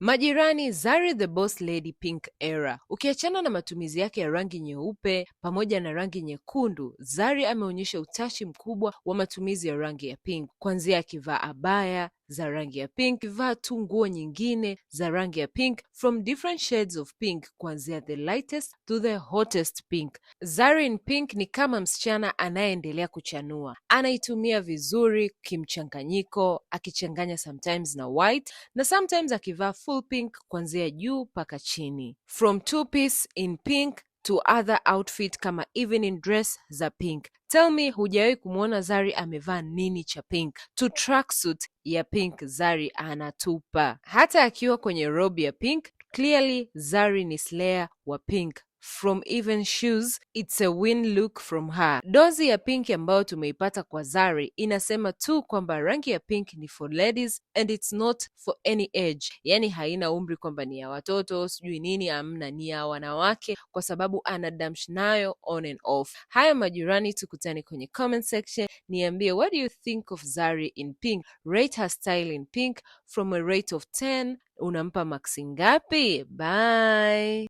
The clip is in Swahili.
Majirani Zari the Boss Lady Pink Era. Ukiachana na matumizi yake ya rangi nyeupe pamoja na rangi nyekundu, Zari ameonyesha utashi mkubwa wa matumizi ya rangi ya pink, kuanzia akivaa abaya za rangi ya pink, vaa tu nguo nyingine za rangi ya pink, from different shades of pink, kuanzia the lightest to the hottest pink. Zari in pink ni kama msichana anayeendelea kuchanua, anaitumia vizuri kimchanganyiko, akichanganya sometimes na white na sometimes akivaa full pink kuanzia juu mpaka chini, from two piece in pink to other outfit kama evening dress za pink. Tell me hujawahi kumwona Zari amevaa nini cha pink? To tracksuit ya pink Zari anatupa, hata akiwa kwenye robe ya pink. Clearly Zari ni slayer wa pink from Even Shoes, it's a win look from her. Dozi ya pinki ambayo tumeipata kwa Zari inasema tu kwamba rangi ya pink ni for ladies and it's not for any age, yani haina umri kwamba ni ya watoto sijui nini, amna, ni ya wanawake kwa sababu ana damsh nayo on and off. Haya majirani, tukutane kwenye comment section, niambie what do you think of Zari in pink, rate her style in pink from a rate of 10, unampa maxi ngapi? Bye.